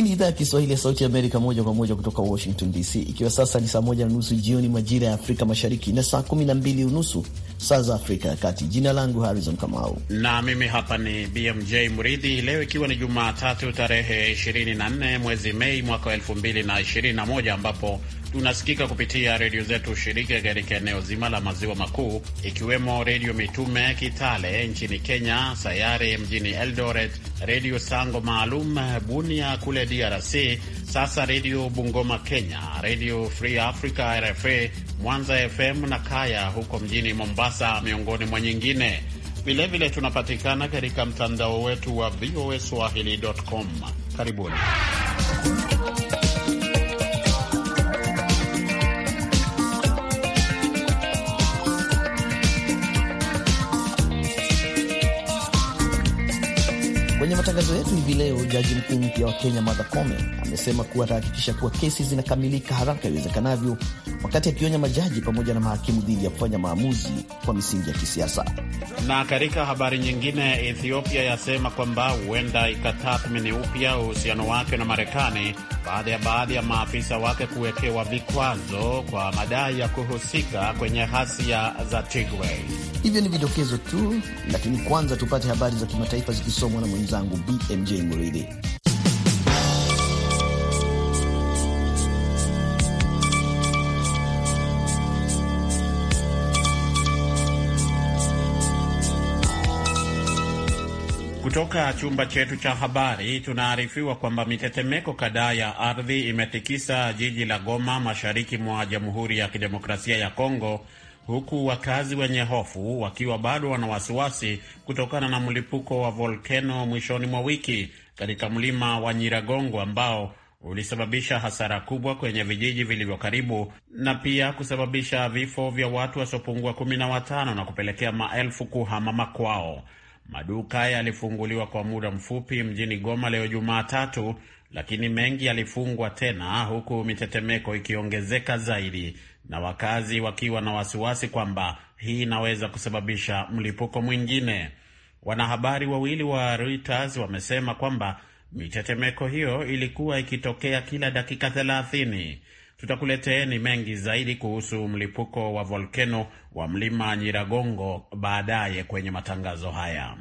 Hii ni idhaa ya Kiswahili ya Sauti Amerika, moja kwa moja kutoka Washington DC, ikiwa sasa ni saa moja na nusu jioni majira ya Afrika Mashariki na saa kumi na mbili unusu saa za Afrika ya Kati. Jina langu Harrison Kamau na mimi hapa ni BMJ Mridhi. Leo ikiwa ni Jumatatu tarehe 24 mwezi Mei mwaka 2021 ambapo tunasikika kupitia redio zetu shirika katika eneo zima la maziwa makuu ikiwemo redio Mitume Kitale nchini Kenya, Sayare mjini Eldoret, redio Sango Maalum Bunia kule DRC, sasa Redio Bungoma Kenya, Redio Free Africa RFA, Mwanza FM na Kaya huko mjini Mombasa, miongoni mwa nyingine. Vilevile tunapatikana katika mtandao wetu wa VOA Swahili.com. Karibuni. Kwenye matangazo yetu hivi leo, jaji mkuu mpya wa Kenya Martha Koome amesema kuwa atahakikisha kuwa kesi zinakamilika haraka iwezekanavyo wakati akionya majaji pamoja na mahakimu dhidi ya kufanya maamuzi kwa misingi ya kisiasa. Na katika habari nyingine, Ethiopia yasema kwamba huenda ikatathmini upya uhusiano wake na Marekani baada ya baadhi ya maafisa wake kuwekewa vikwazo kwa madai ya kuhusika kwenye ghasia za Tigray. Hivyo ni vidokezo tu, lakini kwanza tupate habari za kimataifa zikisomwa na mwenzangu BMJ Mridhi. Kutoka chumba chetu cha habari tunaarifiwa kwamba mitetemeko kadhaa ya ardhi imetikisa jiji la Goma mashariki mwa Jamhuri ya Kidemokrasia ya Kongo, huku wakazi wenye hofu wakiwa bado wana wasiwasi kutokana na mlipuko wa volkeno mwishoni mwa wiki katika mlima wa Nyiragongo ambao ulisababisha hasara kubwa kwenye vijiji vilivyo karibu na pia kusababisha vifo vya watu wasiopungua kumi na watano na kupelekea maelfu kuhama makwao. Maduka yalifunguliwa kwa muda mfupi mjini Goma leo Jumatatu, lakini mengi yalifungwa tena, huku mitetemeko ikiongezeka zaidi na wakazi wakiwa na wasiwasi kwamba hii inaweza kusababisha mlipuko mwingine. Wanahabari wawili wa Reuters wamesema kwamba mitetemeko hiyo ilikuwa ikitokea kila dakika 30. Tutakuleteeni mengi zaidi kuhusu mlipuko wa volkeno wa mlima Nyiragongo baadaye kwenye matangazo haya.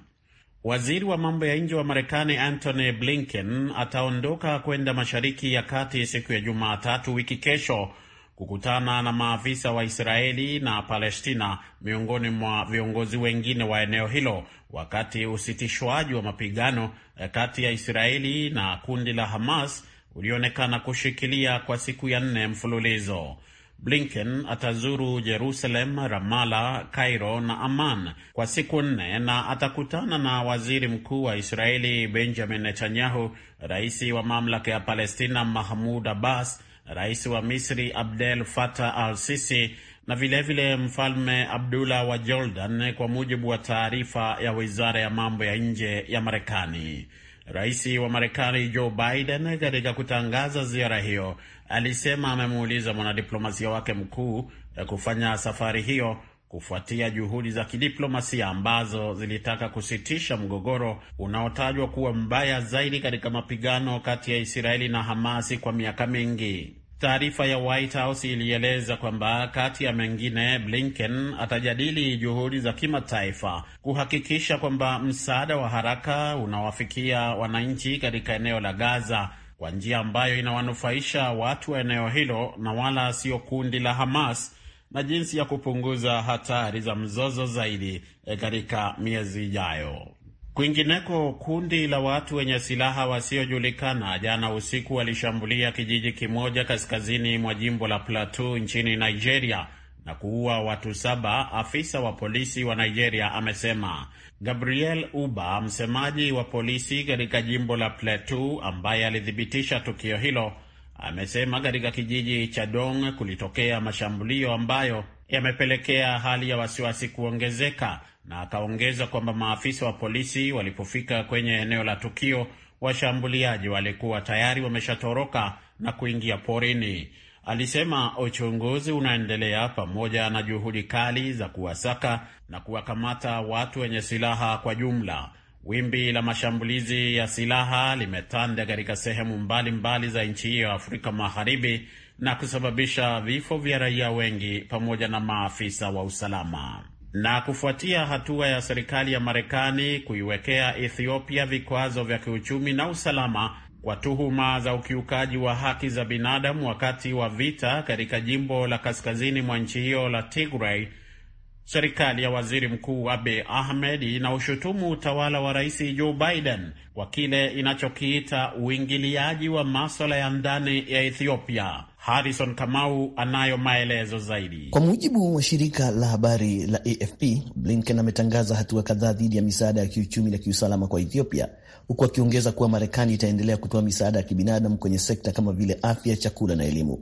Waziri wa mambo ya nje wa Marekani Antony Blinken ataondoka kwenda Mashariki ya Kati siku ya Jumatatu wiki kesho kukutana na maafisa wa Israeli na Palestina miongoni mwa viongozi wengine wa eneo hilo, wakati usitishwaji wa mapigano eh, kati ya Israeli na kundi la Hamas ulionekana kushikilia kwa siku ya nne mfululizo. Blinken atazuru Jerusalem, Ramala, Cairo na aman kwa siku nne na atakutana na waziri mkuu wa Israeli Benjamin Netanyahu, rais wa mamlaka ya Palestina Mahmud Abbas, rais wa Misri Abdel Fattah al Sisi na vilevile vile mfalme Abdullah wa Jordan, kwa mujibu wa taarifa ya wizara ya mambo ya nje ya Marekani. Rais wa Marekani Joe Biden katika kutangaza ziara hiyo alisema amemuuliza mwanadiplomasia wake mkuu kufanya safari hiyo kufuatia juhudi za kidiplomasia ambazo zilitaka kusitisha mgogoro unaotajwa kuwa mbaya zaidi katika mapigano kati ya Israeli na Hamasi kwa miaka mingi. Taarifa ya White House ilieleza kwamba kati ya mengine, Blinken atajadili juhudi za kimataifa kuhakikisha kwamba msaada wa haraka unawafikia wananchi katika eneo la Gaza kwa njia ambayo inawanufaisha watu wa eneo hilo na wala sio kundi la Hamas na jinsi ya kupunguza hatari za mzozo zaidi eh, katika miezi ijayo. Kwingineko, kundi la watu wenye silaha wasiojulikana jana usiku walishambulia kijiji kimoja kaskazini mwa jimbo la Plateau nchini Nigeria na kuua watu saba, afisa wa polisi wa Nigeria amesema. Gabriel Uba, msemaji wa polisi katika jimbo la Plateau, ambaye alithibitisha tukio hilo, amesema katika kijiji cha Dong kulitokea mashambulio ambayo yamepelekea hali ya wasiwasi kuongezeka na akaongeza kwamba maafisa wa polisi walipofika kwenye eneo la tukio, washambuliaji walikuwa tayari wameshatoroka na kuingia porini. Alisema uchunguzi unaendelea pamoja na juhudi kali za kuwasaka na kuwakamata watu wenye silaha kwa jumla. Wimbi la mashambulizi ya silaha limetanda katika sehemu mbalimbali mbali za nchi hiyo ya Afrika Magharibi na kusababisha vifo vya raia wengi pamoja na maafisa wa usalama. Na kufuatia hatua ya serikali ya Marekani kuiwekea Ethiopia vikwazo vya kiuchumi na usalama kwa tuhuma za ukiukaji wa haki za binadamu wakati wa vita katika jimbo la kaskazini mwa nchi hiyo la Tigray, Serikali ya waziri mkuu abi Ahmed inaushutumu utawala wa rais Joe Biden kwa kile inachokiita uingiliaji wa maswala ya ndani ya Ethiopia. Harrison Kamau anayo maelezo zaidi. Kwa mujibu wa shirika la habari la AFP, Blinken ametangaza hatua kadhaa dhidi ya misaada ya kiuchumi na kiusalama kwa Ethiopia, huku akiongeza kuwa Marekani itaendelea kutoa misaada ya kibinadamu kwenye sekta kama vile afya, chakula na elimu.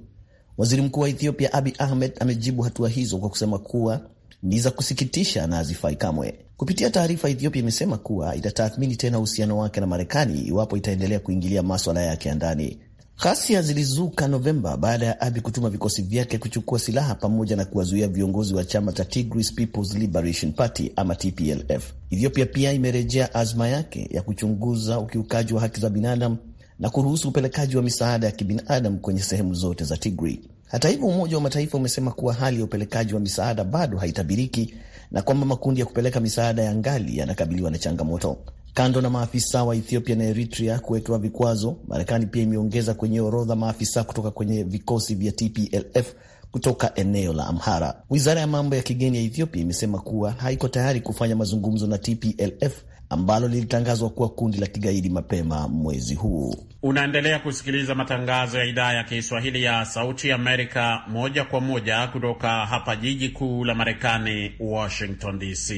Waziri mkuu wa Ethiopia abi Ahmed amejibu hatua hizo kwa kusema kuwa ni za kusikitisha na hazifai kamwe. Kupitia taarifa, Ethiopia imesema kuwa itatathmini tena uhusiano wake na Marekani iwapo itaendelea kuingilia maswala yake ya ndani. Ghasia zilizuka Novemba baada ya Abi kutuma vikosi vyake kuchukua silaha pamoja na kuwazuia viongozi wa chama cha Tigris People's Liberation Party ama TPLF. Ethiopia pia imerejea azma yake ya kuchunguza ukiukaji wa haki za binadamu na kuruhusu upelekaji wa misaada ya kibinadamu kwenye sehemu zote za Tigray. Hata hivyo, Umoja wa Mataifa umesema kuwa hali ya upelekaji wa misaada bado haitabiriki na kwamba makundi ya kupeleka misaada ya ngali yanakabiliwa na changamoto. Kando na maafisa wa Ethiopia na Eritrea kuwekewa vikwazo, Marekani pia imeongeza kwenye orodha maafisa kutoka kwenye vikosi vya TPLF kutoka eneo la Amhara. Wizara ya mambo ya kigeni ya Ethiopia imesema kuwa haiko tayari kufanya mazungumzo na TPLF ambalo lilitangazwa kuwa kundi la kigaidi mapema mwezi huu. Unaendelea kusikiliza matangazo ya idhaa ya Kiswahili ya Sauti Amerika moja kwa moja kutoka hapa jiji kuu la Marekani, Washington DC.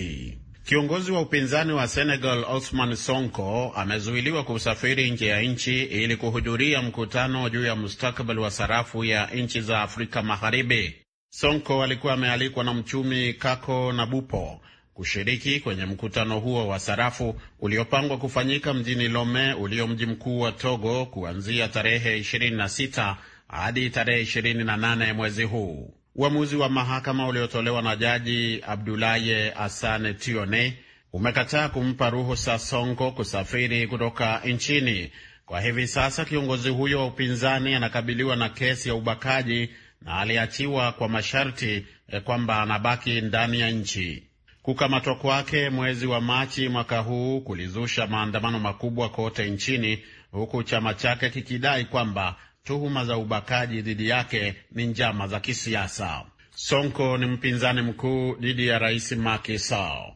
Kiongozi wa upinzani wa Senegal osman Sonko amezuiliwa kusafiri nje ya nchi ili kuhudhuria mkutano juu ya mustakabali wa sarafu ya nchi za Afrika Magharibi. Sonko alikuwa amealikwa na mchumi Kako na bupo kushiriki kwenye mkutano huo wa sarafu uliopangwa kufanyika mjini Lome ulio mji mkuu wa Togo kuanzia tarehe 26 hadi tarehe 28 mwezi huu. Uamuzi wa mahakama uliotolewa na Jaji Abdulaye Asane Tione umekataa kumpa ruhusa Sonko kusafiri kutoka nchini. Kwa hivi sasa kiongozi huyo wa upinzani anakabiliwa na kesi ya ubakaji na aliachiwa kwa masharti eh, kwamba anabaki ndani ya nchi. Kukamatwa kwake mwezi wa Machi mwaka huu kulizusha maandamano makubwa kote nchini, huku chama chake kikidai kwamba tuhuma za ubakaji dhidi yake ni njama za kisiasa. Sonko ni mpinzani mkuu dhidi ya rais Macky Sall.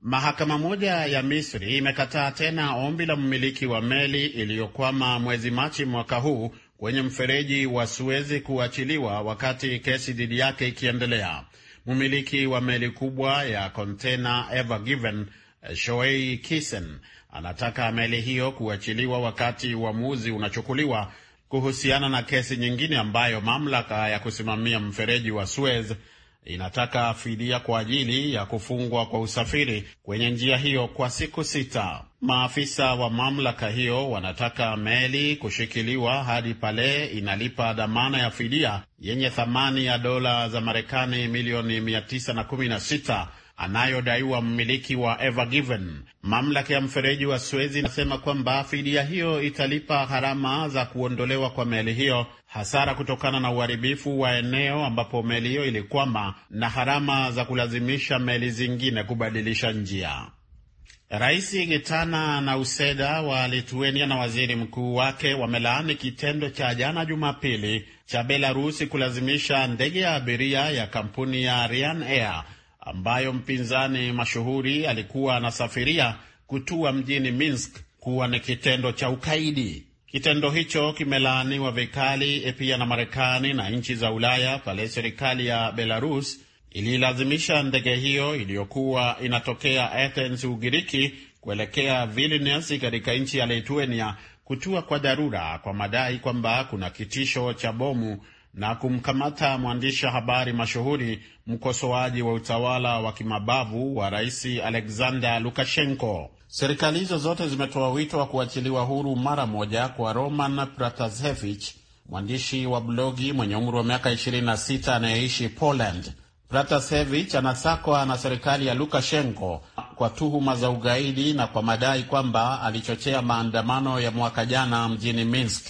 Mahakama moja ya Misri imekataa tena ombi la mmiliki wa meli iliyokwama mwezi Machi mwaka huu kwenye mfereji wa Suezi kuachiliwa wakati kesi dhidi yake ikiendelea. Mmiliki wa meli kubwa ya kontena Ever Given eh, Shoei Kisen anataka meli hiyo kuachiliwa wakati uamuzi unachukuliwa kuhusiana na kesi nyingine ambayo mamlaka ya kusimamia mfereji wa Suez inataka fidia kwa ajili ya kufungwa kwa usafiri kwenye njia hiyo kwa siku sita. Maafisa wa mamlaka hiyo wanataka meli kushikiliwa hadi pale inalipa dhamana ya fidia yenye thamani ya dola za Marekani milioni 916 anayodaiwa mmiliki wa Ever Given. Mamlaka ya mfereji wa Suezi inasema kwamba fidia hiyo italipa gharama za kuondolewa kwa meli hiyo, hasara kutokana na uharibifu wa eneo ambapo meli hiyo ilikwama, na gharama za kulazimisha meli zingine kubadilisha njia. Rais Gitana Nauseda wa Lithuania na waziri mkuu wake wamelaani kitendo cha jana Jumapili cha Belarusi kulazimisha ndege ya abiria ya kampuni ya Ryan Air ambayo mpinzani mashuhuri alikuwa anasafiria kutua mjini Minsk kuwa ni kitendo cha ukaidi. Kitendo hicho kimelaaniwa vikali pia na Marekani na nchi za Ulaya pale serikali ya Belarus ililazimisha ndege hiyo iliyokuwa inatokea Athens, Ugiriki, kuelekea Vilnius katika nchi ya Lithuania kutua kwa dharura kwa madai kwamba kuna kitisho cha bomu na kumkamata mwandishi habari mashuhuri mkosoaji wa utawala wa kimabavu wa Rais Alexander Lukashenko. Serikali hizo zote zimetoa wito wa kuachiliwa huru mara moja kwa Roman pratasevich mwandishi wa blogi mwenye umri wa miaka 26 anayeishi Poland. Ratasevich anasakwa na serikali ya Lukashenko kwa tuhuma za ugaidi na kwa madai kwamba alichochea maandamano ya mwaka jana mjini Minsk.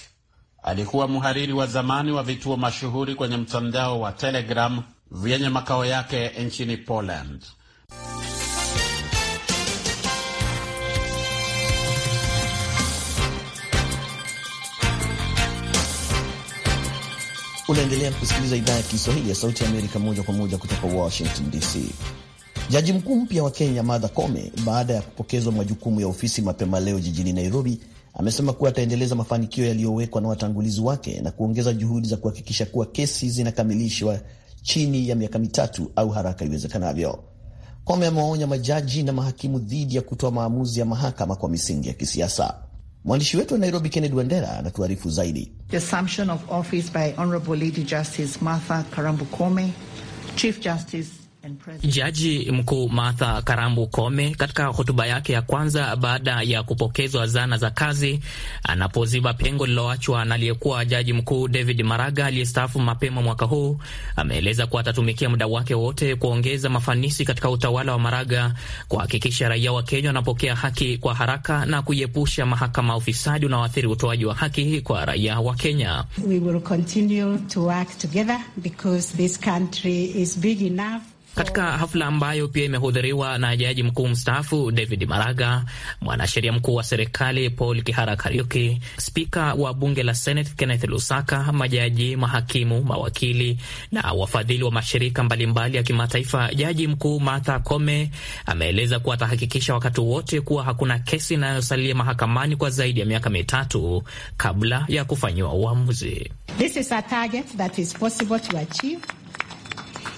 Alikuwa mhariri wa zamani wa vituo mashuhuri kwenye mtandao wa Telegram vyenye makao yake nchini Poland. Unaendelea kusikiliza idhaa ya Kiswahili ya Sauti ya Amerika moja kwa moja kutoka Washington DC. Jaji mkuu mpya wa Kenya Martha Koome, baada ya kupokezwa majukumu ya ofisi mapema leo jijini Nairobi, amesema kuwa ataendeleza mafanikio yaliyowekwa na watangulizi wake na kuongeza juhudi za kuhakikisha kuwa kesi zinakamilishwa chini ya miaka mitatu au haraka iwezekanavyo. Koome amewaonya majaji na mahakimu dhidi ya kutoa maamuzi ya mahakama kwa misingi ya kisiasa. Mwandishi wetu wa Nairobi, Kennedy Wandera, anatuarifu zaidi. The assumption of office by Honorable Lady Justice Martha Karambukome, Chief Justice Jaji Mkuu Martha Karambu Kome katika hotuba yake ya kwanza baada ya kupokezwa zana za kazi, anapoziba pengo lililoachwa na aliyekuwa Jaji Mkuu David Maraga aliyestaafu mapema mwaka huu, ameeleza kuwa atatumikia muda wake wote kuongeza mafanisi katika utawala wa Maraga, kuhakikisha raia wa Kenya wanapokea haki kwa haraka na kuiepusha mahakama ya ufisadi unaoathiri utoaji wa haki kwa raia wa Kenya. We will continue to work together because this country is big enough katika hafla ambayo pia imehudhuriwa na jaji mkuu mstaafu David Maraga, mwanasheria mkuu wa serikali Paul Kihara Kariuki, spika wa bunge la Senate Kenneth Lusaka, majaji, mahakimu, mawakili na wafadhili wa mashirika mbalimbali ya kimataifa. Jaji mkuu Martha Koome ameeleza kuwa atahakikisha wakati wote kuwa hakuna kesi inayosalia mahakamani kwa zaidi ya miaka mitatu kabla ya kufanyiwa uamuzi.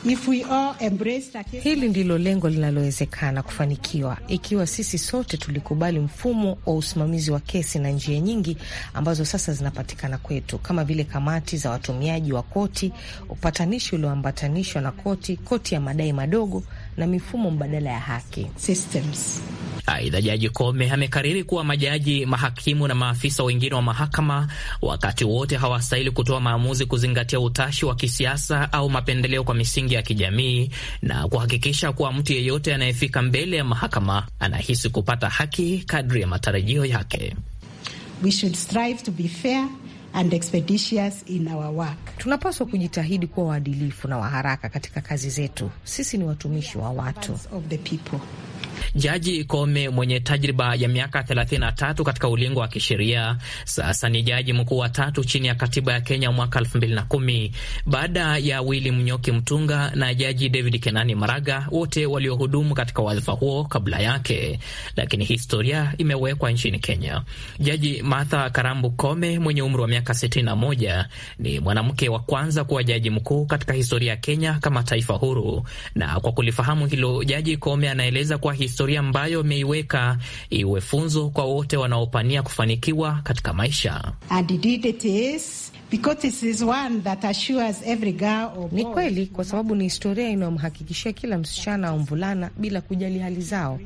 If we all embrace that... Hili ndilo lengo linalowezekana kufanikiwa ikiwa sisi sote tulikubali mfumo wa usimamizi wa kesi na njia nyingi ambazo sasa zinapatikana kwetu kama vile kamati za watumiaji wa koti, upatanishi ulioambatanishwa na koti, koti ya madai madogo na mifumo mbadala ya haki systems. Aidha, Jaji kome amekariri kuwa majaji, mahakimu na maafisa wengine wa mahakama wakati wote hawastahili kutoa maamuzi kuzingatia utashi wa kisiasa au mapendeleo kwa misingi ya kijamii na kuhakikisha kuwa mtu yeyote anayefika mbele ya mahakama anahisi kupata haki kadri ya matarajio yake. We should strive to be fair and expeditious in our work. Tunapaswa kujitahidi kuwa waadilifu na waharaka katika kazi zetu. Sisi ni watumishi wa watu of the people. Jaji Kome mwenye tajriba ya miaka 33 katika ulingo wa kisheria sasa ni jaji mkuu wa tatu chini ya katiba ya Kenya mwaka 2010 baada ya Willy Mnyoki Mtunga na jaji David Kenani Maraga, wote waliohudumu katika wadhifa huo kabla yake, lakini historia imewekwa nchini Kenya. Jaji Martha Karambu Kome mwenye umri wa miaka 61 ni mwanamke wa kwanza kuwa jaji mkuu katika historia ya Kenya kama taifa huru, na kwa kulifahamu hilo, jaji Kome anaeleza kuwa historia ambayo ameiweka iwe funzo kwa wote wanaopania kufanikiwa katika maisha. Ni kweli, kwa sababu ni historia inayomhakikishia kila msichana au mvulana, bila kujali hali zao,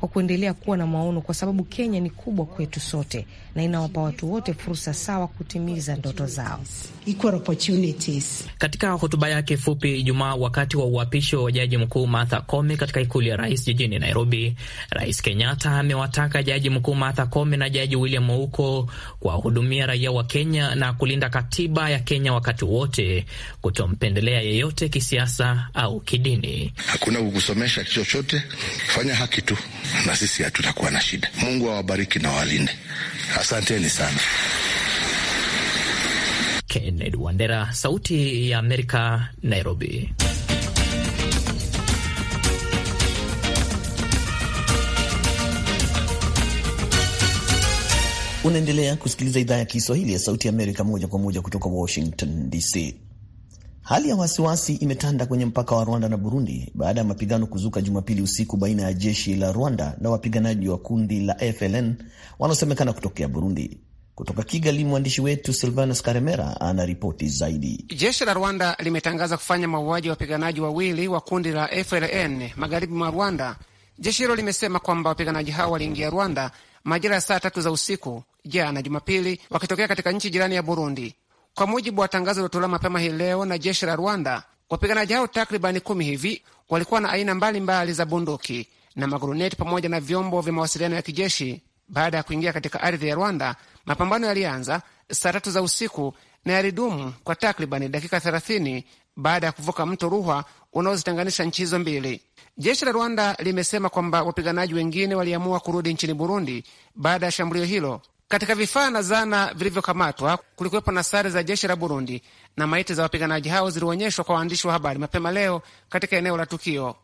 kwa kuendelea kuwa na maono, kwa sababu Kenya ni kubwa kwetu sote na inawapa watu wote fursa sawa kutimiza ndoto zao equal opportunities. Katika hotuba yake fupi Ijumaa wakati wa uapisho wa jaji mkuu Martha Koome katika ikulu ya rais jijini Nairobi, Rais Kenyatta amewataka jaji mkuu Martha Koome na jaji William Mouko kuwahudumia raia wa Kenya na kulinda katiba ya Kenya wakati wote, kutompendelea yeyote kisiasa au kidini. Hakuna kukusomesha chochote, fanya haki tu, na sisi hatutakuwa na shida. Mungu awabariki na walinde. Asanteni sana. Kennedy Wandera, Sauti ya Amerika, Nairobi. Unaendelea kusikiliza idhaa ya Kiswahili ya Sauti ya Amerika moja kwa moja kutoka Washington DC. Hali ya wasiwasi imetanda kwenye mpaka wa Rwanda na Burundi baada ya mapigano kuzuka Jumapili usiku baina ya jeshi la Rwanda na wapiganaji wa kundi la FLN wanaosemekana kutokea Burundi. Kutoka Kigali, mwandishi wetu Silvanus Karemera ana ripoti zaidi. Jeshi la Rwanda limetangaza kufanya mauaji ya wapiganaji wawili wa kundi la FLN magharibi mwa Rwanda. Jeshi hilo limesema kwamba wapiganaji hao waliingia Rwanda majira ya saa tatu za usiku jana Jumapili, wakitokea katika nchi jirani ya Burundi, kwa mujibu wa tangazo lilotolewa mapema hii leo na jeshi la Rwanda. Wapiganaji hao takribani kumi hivi walikuwa na aina mbalimbali mbali za bunduki na maguruneti pamoja na vyombo vya mawasiliano ya kijeshi. Baada ya kuingia katika ardhi ya Rwanda, Mapambano yalianza saa tatu za usiku na yalidumu kwa takribani dakika thelathini baada ya kuvuka mto Ruhwa unaozitenganisha nchi hizo mbili. Jeshi la Rwanda limesema kwamba wapiganaji wengine waliamua kurudi nchini Burundi baada ya shambulio hilo. Katika vifaa na zana vilivyokamatwa kulikuwepo na sare za jeshi la Burundi, na maiti za wapiganaji hao zilionyeshwa kwa waandishi wa habari mapema leo katika eneo la tukio.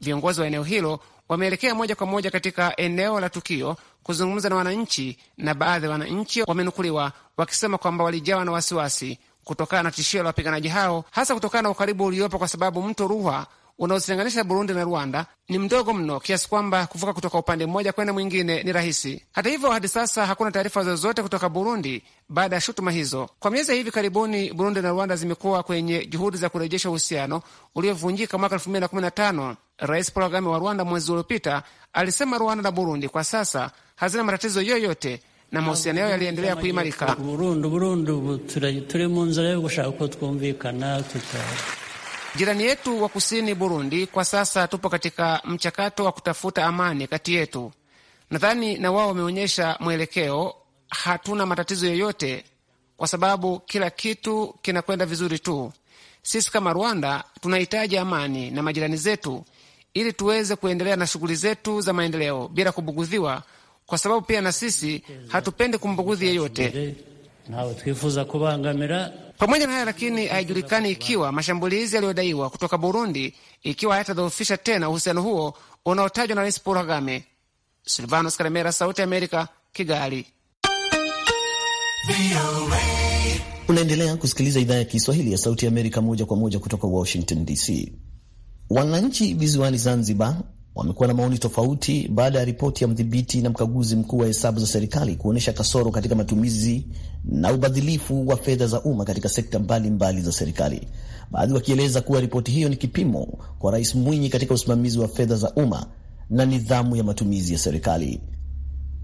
Viongozi wa eneo hilo wameelekea moja kwa moja katika eneo la tukio kuzungumza na wananchi, na baadhi ya wananchi wamenukuliwa wakisema kwamba walijawa na wasiwasi kutokana na tishio la wapiganaji hao, hasa kutokana na ukaribu uliopo, kwa sababu mto Ruhwa unaozitenganisha Burundi na Rwanda ni mdogo mno kiasi kwamba kuvuka kutoka upande mmoja kwenda mwingine ni rahisi. Hata hivyo, hadi sasa hakuna taarifa zozote kutoka Burundi baada ya shutuma hizo. Kwa miezi ya hivi karibuni, Burundi na Rwanda zimekuwa kwenye juhudi za kurejesha uhusiano uliovunjika mwaka 2015 Rais Paul Kagame wa Rwanda mwezi uliopita alisema Rwanda na Burundi kwa sasa hazina matatizo yoyote na mahusiano yao yaliendelea kuimarika. Jirani yetu wa kusini Burundi, kwa sasa tupo katika mchakato wa kutafuta amani kati yetu. Nadhani na wao wameonyesha mwelekeo. Hatuna matatizo yoyote, kwa sababu kila kitu kinakwenda vizuri tu. Sisi kama Rwanda tunahitaji amani na majirani zetu ili tuweze kuendelea na shughuli zetu za maendeleo bila kubugudhiwa, kwa sababu pia na sisi hatupendi kumbugudhi yeyote. Pamoja na haya lakini, haijulikani ikiwa mashambulizi yaliyodaiwa kutoka Burundi ikiwa hayatadhoofisha tena uhusiano huo unaotajwa na Rais Paul Kagame. Silvanos Karemera, Sauti ya Amerika, Kigali. Unaendelea kusikiliza idhaa ya Kiswahili ya Sauti ya Amerika moja kwa moja kutoka Washington DC. Wananchi visiwani Zanzibar wamekuwa na maoni tofauti baada ya ripoti ya mdhibiti na mkaguzi mkuu wa hesabu za serikali kuonyesha kasoro katika matumizi na ubadhilifu wa fedha za umma katika sekta mbalimbali mbali za serikali, baadhi wakieleza kuwa ripoti hiyo ni kipimo kwa Rais Mwinyi katika usimamizi wa fedha za umma na nidhamu ya matumizi ya serikali.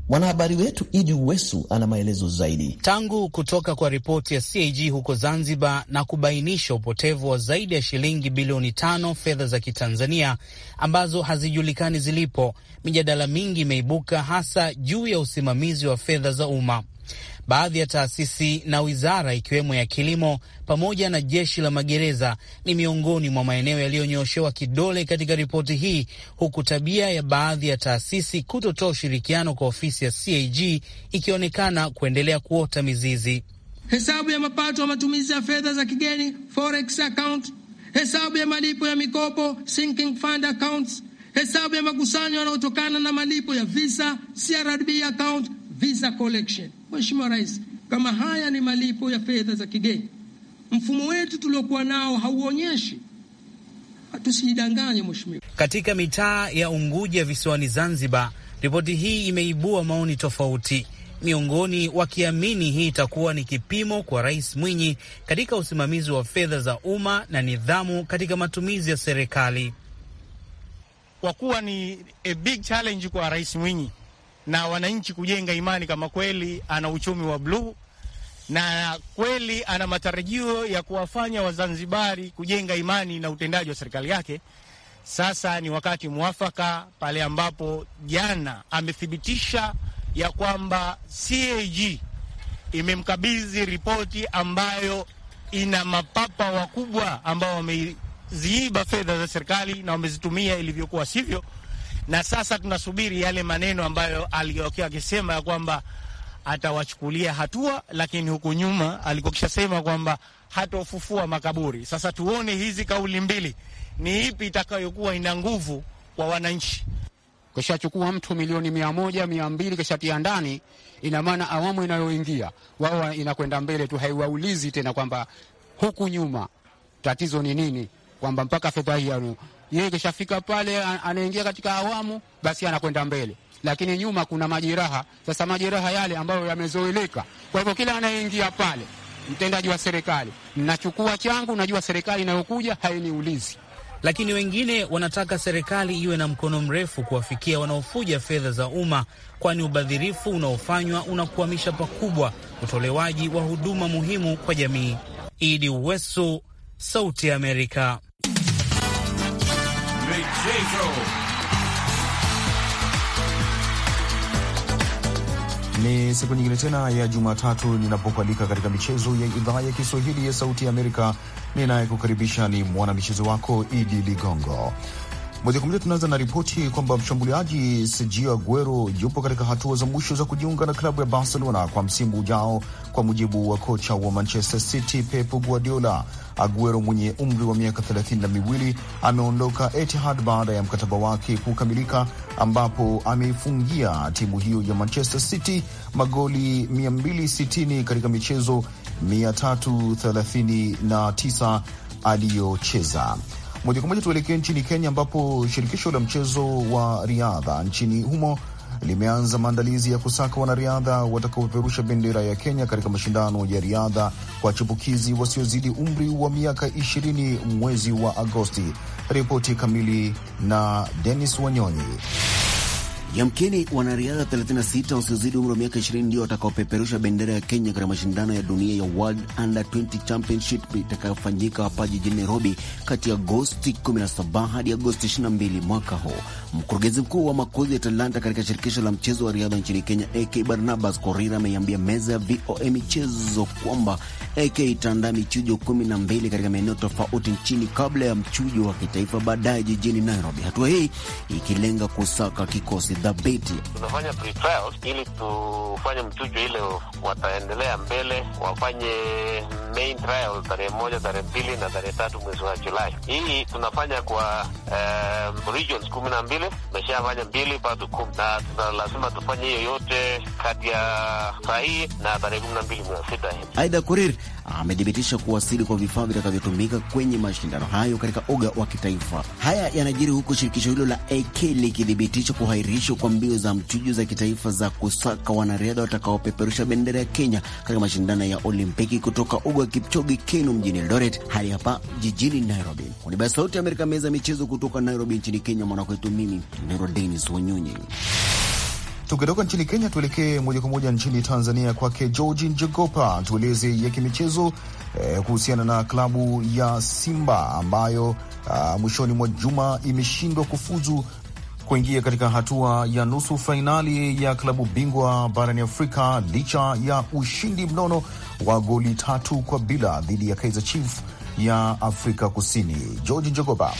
Mwanahabari wetu Idi Uwesu ana maelezo zaidi. Tangu kutoka kwa ripoti ya CAG huko Zanzibar na kubainisha upotevu wa zaidi ya shilingi bilioni tano fedha za Kitanzania ambazo hazijulikani zilipo, mijadala mingi imeibuka hasa juu ya usimamizi wa fedha za umma. Baadhi ya taasisi na wizara ikiwemo ya kilimo pamoja na jeshi la magereza ni miongoni mwa maeneo yaliyonyoshewa kidole katika ripoti hii, huku tabia ya baadhi ya taasisi kutotoa ushirikiano kwa ofisi ya CAG ikionekana kuendelea kuota mizizi. Hesabu ya mapato ya matumizi ya fedha za kigeni forex account, hesabu ya malipo ya mikopo sinking fund accounts, hesabu ya makusanyo yanayotokana na malipo ya visa CRDB account, visa collection Mheshimiwa Rais, kama haya ni malipo ya fedha za kigeni, mfumo wetu tuliokuwa nao hauonyeshi Tusijidanganye mheshimiwa. Katika mitaa ya Unguja visiwani Zanzibar, ripoti hii imeibua maoni tofauti, miongoni wakiamini hii itakuwa ni kipimo kwa Rais Mwinyi katika usimamizi wa fedha za umma na nidhamu katika matumizi ya serikali, kwa kuwa ni a big challenge kwa Rais Mwinyi na wananchi kujenga imani kama kweli ana uchumi wa bluu na kweli ana matarajio ya kuwafanya Wazanzibari kujenga imani na utendaji wa serikali yake. Sasa ni wakati mwafaka pale ambapo jana amethibitisha ya kwamba CAG imemkabidhi ripoti ambayo ina mapapa wakubwa ambao wameziiba fedha za serikali na wamezitumia ilivyokuwa sivyo na sasa tunasubiri yale maneno ambayo aliyokuwa akisema ya kwamba atawachukulia hatua, lakini huku nyuma alikuwa kwamba hatofufua makaburi. Sasa tuone hizi kauli mbili ni ipi itakayokuwa ina nguvu kwa wananchi. Kishachukua mtu milioni mia moja mia mbili kishatia ndani, ina maana awamu inayoingia wao inakwenda mbele tu, haiwaulizi tena kwamba huku nyuma tatizo ni nini, kwamba mpaka fedha hii yeye kishafika pale, anaingia katika awamu, basi anakwenda mbele, lakini nyuma kuna majeraha. Sasa majeraha yale ambayo yamezoeleka, kwa hivyo kila anayeingia pale, mtendaji wa serikali, nachukua changu, najua serikali inayokuja hainiulizi lakini wengine wanataka serikali iwe na mkono mrefu kuwafikia wanaofuja fedha za umma, kwani ubadhirifu unaofanywa unakwamisha pakubwa utolewaji wa huduma muhimu kwa jamii. Idi Uwesu, Sauti ya Amerika. Ni siku nyingine tena ya Jumatatu ninapokualika katika michezo ya idhaa ya Kiswahili ya Sauti ya Amerika. Ninayekukaribisha ni mwanamichezo wako Idi Ligongo. Moja kwa moja tunaanza na ripoti kwamba mshambuliaji Sergio Aguero yupo katika hatua za mwisho za kujiunga na klabu ya Barcelona kwa msimu ujao, kwa mujibu wa kocha wa Manchester City Pep Guardiola. Aguero mwenye umri wa miaka thelathini na miwili ameondoka Etihad baada ya mkataba wake kukamilika, ambapo ameifungia timu hiyo ya Manchester City magoli 260 katika michezo 339 aliyocheza. Moja kwa moja tuelekee nchini Kenya, ambapo shirikisho la mchezo wa riadha nchini humo limeanza maandalizi ya kusaka wanariadha watakaopeperusha bendera ya Kenya katika mashindano ya riadha kwa chipukizi wasiozidi umri wa miaka 20 mwezi wa Agosti. Ripoti kamili na Denis Wanyonyi. Yamkini wanariadha 36 wasiozidi umri wa miaka 20 ndio watakaopeperusha bendera ya Kenya katika mashindano ya dunia ya World Under 20 Championship itakayofanyika hapa jijini Nairobi kati ya Agosti 17 hadi Agosti 22 mwaka huu. Mkurugenzi mkuu wa makozi ya talanta katika shirikisho la mchezo wa riadha nchini Kenya, AK Barnabas Korira, ameiambia meza ya VOA michezo kwamba AK itaandaa michujo kumi na mbili katika maeneo tofauti nchini kabla ya mchujo wa kitaifa baadaye jijini Nairobi, hatua hii ikilenga kusaka kikosi dhabiti. Tunafanya pre-trials ili tufanye mchujo ile, wataendelea mbele wafanye main trial tarehe moja, tarehe mbili na tarehe tatu mwezi wa Julai. Hii tunafanya kwa um, regions kumi na mbili mbili, tumeshafanya mbili bado kumi, na tuna lazima tufanye hiyo yote kati ya saa hii na tarehe kumi na mbili mwezi sita. Aida Kurir Ah, amethibitisha kuwasili kwa vifaa vitakavyotumika kwenye mashindano hayo katika uga wa kitaifa. Haya yanajiri huku shirikisho hilo la AK likithibitisha kuhairishwa kwa mbio za mchujo za kitaifa za kusaka wanariadha watakaopeperusha bendera ya Kenya katika mashindano ya Olimpiki kutoka uga wa Kipchoge Keino mjini Eldoret hadi hapa jijini Nairobi. Kwa ya Sauti ya Amerika, meza ya michezo kutoka Nairobi nchini Kenya, mwanakwetu mimi Nero Denis Wanyonyi. Tukitoka nchini Kenya, tuelekee moja kwa moja nchini Tanzania, kwake Georgi Njogopa, tueleze ya kimichezo eh, kuhusiana na klabu ya Simba ambayo ah, mwishoni mwa juma imeshindwa kufuzu kuingia katika hatua ya nusu fainali ya klabu bingwa barani Afrika licha ya ushindi mnono wa goli tatu kwa bila dhidi ya Kaizer Chiefs ya Afrika Kusini. George Njogopa.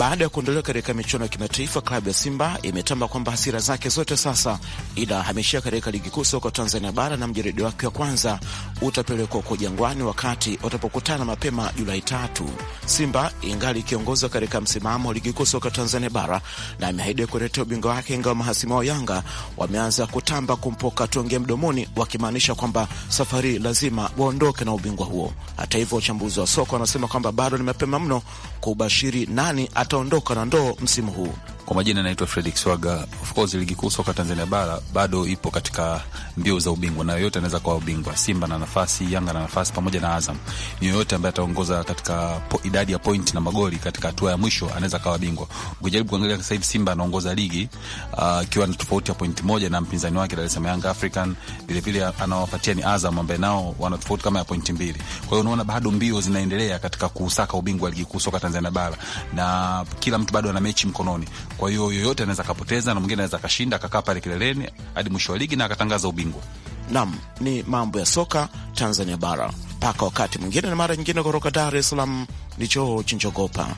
Baada ya kuondolewa katika michuano ya kimataifa, klabu ya Simba imetamba kwamba hasira zake zote sasa inahamishia katika ligi kuu soka Tanzania bara na mjeredi wake wa kwanza utapelekwa kwa Jangwani wakati watapokutana mapema Julai tatu. Simba ingali ikiongozwa katika msimamo wa ligi kuu soka Tanzania bara na imeahidi kuletea ubingwa wake, ingawa mahasimu wao Yanga wameanza kutamba kumpoka tonge mdomoni, wakimaanisha kwamba safari lazima waondoke na ubingwa huo. Hata hivyo, wachambuzi wa soka wanasema kwamba bado ni mapema mno kubashiri nani ataondoka na ndoo msimu huu. Kwa majina naitwa Fredrick Swaga. Of course ligi kuu soka Tanzania bara bado ipo katika mbio za ubingwa na yoyote anaweza kuwa ubingwa. Simba na nafasi, Yanga na nafasi pamoja na Azam. Ni Yoyote ambaye ataongoza katika po, idadi ya point na magoli katika hatua ya mwisho anaweza kuwa bingwa. Ukijaribu kuangalia sasa hivi Simba anaongoza ligi akiwa ah, uh, na tofauti ya point moja na mpinzani wake Dar es Salaam Yanga African, vile vile anawapatia ni Azam ambaye nao wana tofauti kama ya point mbili. Kwa hiyo unaona bado mbio zinaendelea katika kusaka ubingwa ligi kuu soka Tanzania bara na kila mtu bado ana mechi mkononi. Kwa hiyo yoyote anaweza akapoteza na mwingine anaweza akashinda akakaa pale kileleni hadi mwisho wa ligi na akatangaza ubingwa. Nam ni mambo ya soka Tanzania bara mpaka wakati mwingine na mara nyingine. Kutoka Dar es Salaam ni choo chinjogopa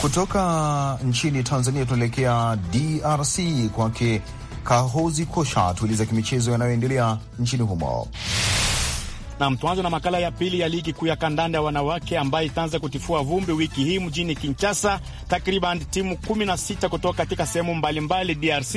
Kutoka nchini Tanzania tunaelekea DRC kwake Kahozi Kosha tuuliza kimichezo yanayoendelea nchini humo. Nam, tuanze na makala ya pili ya ligi kuu ya kandanda ya wanawake ambayo itaanza kutifua vumbi wiki hii mjini Kinshasa. Takriban timu 16 kutoka katika sehemu mbalimbali DRC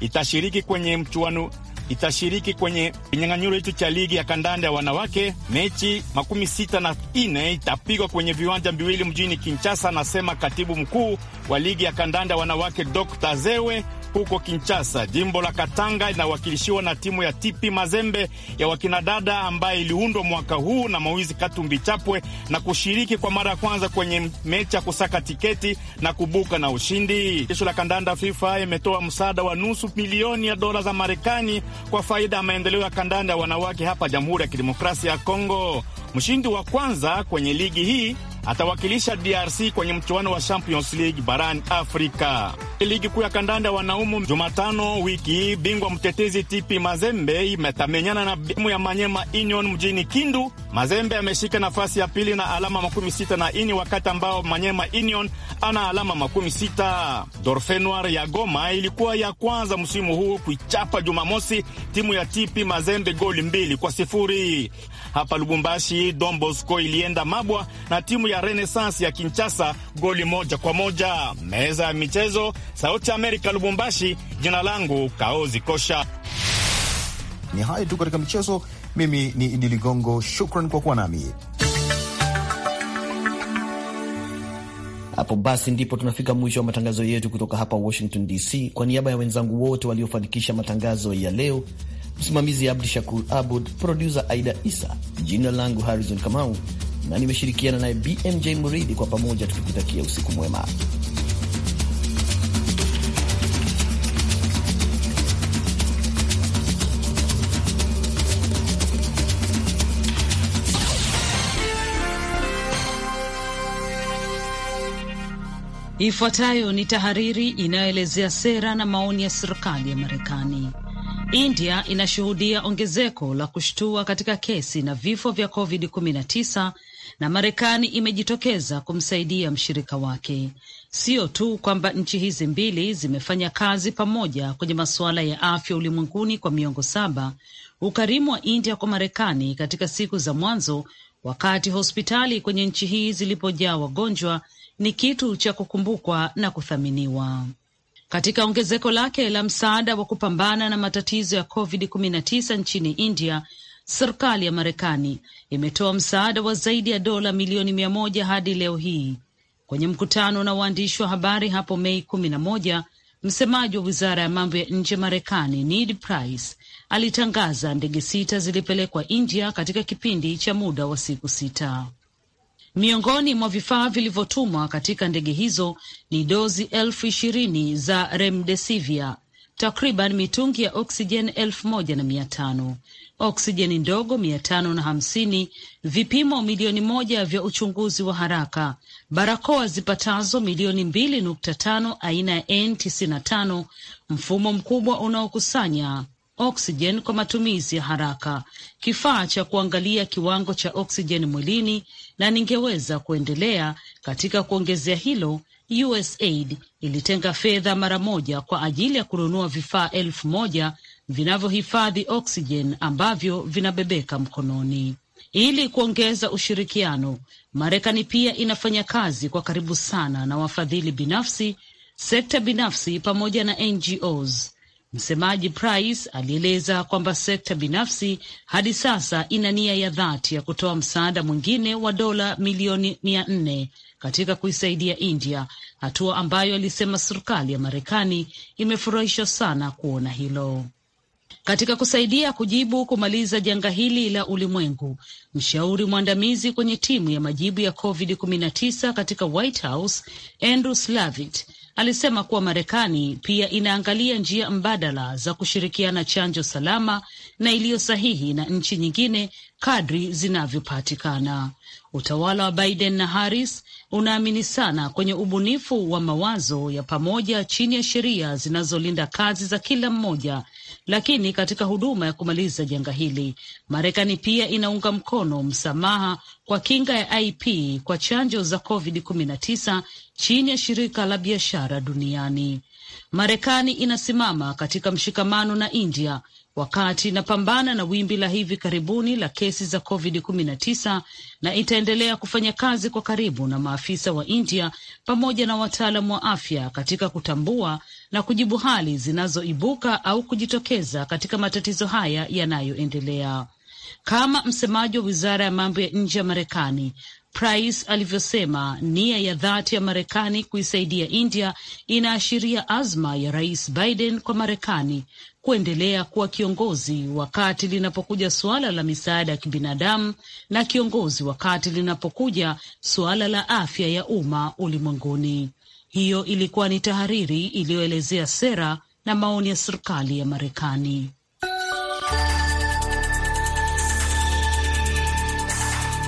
itashiriki kwenye mchuano itashiriki kwenye kinyang'anyiro hicho cha ligi ya kandanda ya wanawake. Mechi makumi sita na nne itapigwa kwenye viwanja viwili mjini Kinshasa, anasema katibu mkuu wa ligi ya kandanda ya wanawake Dr Zewe huko Kinshasa. Jimbo la Katanga inawakilishiwa na timu ya TP Mazembe ya wakinadada ambaye iliundwa mwaka huu na mawizi Katumbi Chapwe na kushiriki kwa mara ya kwanza kwenye mechi ya kusaka tiketi na kubuka na ushindi. jeshi la kandanda FIFA imetoa msaada wa nusu milioni ya dola za Marekani kwa faida ya maendeleo ya kandanda ya wanawake hapa Jamhuri ya Kidemokrasia ya Kongo. Mshindi wa kwanza kwenye ligi hii atawakilisha DRC kwenye mchuano wa Champions League barani Afrika. Ligi kuu ya kandanda wanaume, Jumatano wiki hii, bingwa mtetezi TP Mazembe imetamenyana na timu ya Manyema Union mjini Kindu. Mazembe ameshika nafasi ya pili na alama makumi sita na ini, wakati ambao Manyema Union ana alama makumi sita. Dorfe Noir ya Goma ilikuwa ya kwanza msimu huu kuichapa Jumamosi timu ya TP Mazembe goli mbili kwa sifuri. Hapa Lubumbashi, Don Bosco ilienda mabwa na timu ya Renaissance ya Kinshasa goli moja kwa moja. Meza ya michezo, Sauti Amerika, Lubumbashi. Jina langu Kaozi Kosha. Ni hayo tu katika michezo. Mimi ni Idi Ligongo, shukran kwa kuwa nami. Hapo basi ndipo tunafika mwisho wa matangazo yetu kutoka hapa Washington DC. Kwa niaba ya wenzangu wote waliofanikisha matangazo ya leo, msimamizi Abdu Shakur Abud, produsa Aida Isa, jina langu Harrison Kamau na nimeshirikiana naye BMJ Muridi, kwa pamoja tukikutakia usiku mwema. Ifuatayo ni tahariri inayoelezea sera na maoni ya serikali ya Marekani. India inashuhudia ongezeko la kushtua katika kesi na vifo vya COVID-19 na Marekani imejitokeza kumsaidia mshirika wake. Sio tu kwamba nchi hizi mbili zimefanya kazi pamoja kwenye masuala ya afya ulimwenguni kwa miongo saba. Ukarimu wa India kwa Marekani katika siku za mwanzo, wakati hospitali kwenye nchi hii zilipojaa wagonjwa, ni kitu cha kukumbukwa na kuthaminiwa. Katika ongezeko lake la msaada wa kupambana na matatizo ya COVID-19 nchini India, serikali ya Marekani imetoa msaada wa zaidi ya dola milioni mia moja hadi leo hii. Kwenye mkutano na waandishi wa habari hapo Mei kumi na moja, msemaji wa wizara ya mambo ya nje Marekani Ned Price alitangaza ndege sita zilipelekwa India katika kipindi cha muda wa siku sita. Miongoni mwa vifaa vilivyotumwa katika ndege hizo ni dozi elfu ishirini za remdesivia takriban mitungi ya oksijeni elfu moja na mia tano oksijeni ndogo mia tano na hamsini vipimo milioni moja vya uchunguzi wa haraka, barakoa zipatazo milioni mbili nukta tano aina ya N95, mfumo mkubwa unaokusanya oksijen kwa matumizi ya haraka, kifaa cha kuangalia kiwango cha oksijen mwilini, na ningeweza kuendelea. Katika kuongezea hilo, USAID ilitenga fedha mara moja kwa ajili ya kununua vifaa elfu moja vinavyohifadhi oksijen ambavyo vinabebeka mkononi. Ili kuongeza ushirikiano, Marekani pia inafanya kazi kwa karibu sana na wafadhili binafsi, sekta binafsi pamoja na NGOs Msemaji Price alieleza kwamba sekta binafsi hadi sasa ina nia ya dhati ya kutoa msaada mwingine wa dola milioni mia nne katika kuisaidia India, hatua ambayo alisema serikali ya Marekani imefurahishwa sana kuona hilo. Katika kusaidia kujibu kumaliza janga hili la ulimwengu, mshauri mwandamizi kwenye timu ya majibu ya COVID-19 katika White House Andrew Slavitt alisema kuwa Marekani pia inaangalia njia mbadala za kushirikiana chanjo salama na iliyo sahihi na nchi nyingine kadri zinavyopatikana. Utawala wa Biden na Harris unaamini sana kwenye ubunifu wa mawazo ya pamoja chini ya sheria zinazolinda kazi za kila mmoja lakini katika huduma ya kumaliza janga hili, Marekani pia inaunga mkono msamaha kwa kinga ya IP kwa chanjo za COVID-19 chini ya shirika la biashara duniani. Marekani inasimama katika mshikamano na India wakati inapambana na wimbi la hivi karibuni la kesi za COVID-19 na itaendelea kufanya kazi kwa karibu na maafisa wa India pamoja na wataalam wa afya katika kutambua na kujibu hali zinazoibuka au kujitokeza katika matatizo haya yanayoendelea. Kama msemaji wa wizara ya mambo ya nje ya Marekani Price alivyosema, nia ya dhati ya Marekani kuisaidia India inaashiria azma ya Rais Biden kwa Marekani kuendelea kuwa kiongozi wakati linapokuja suala la misaada ya kibinadamu na kiongozi wakati linapokuja suala la afya ya umma ulimwenguni. Hiyo ilikuwa ni tahariri iliyoelezea sera na maoni ya serikali ya Marekani.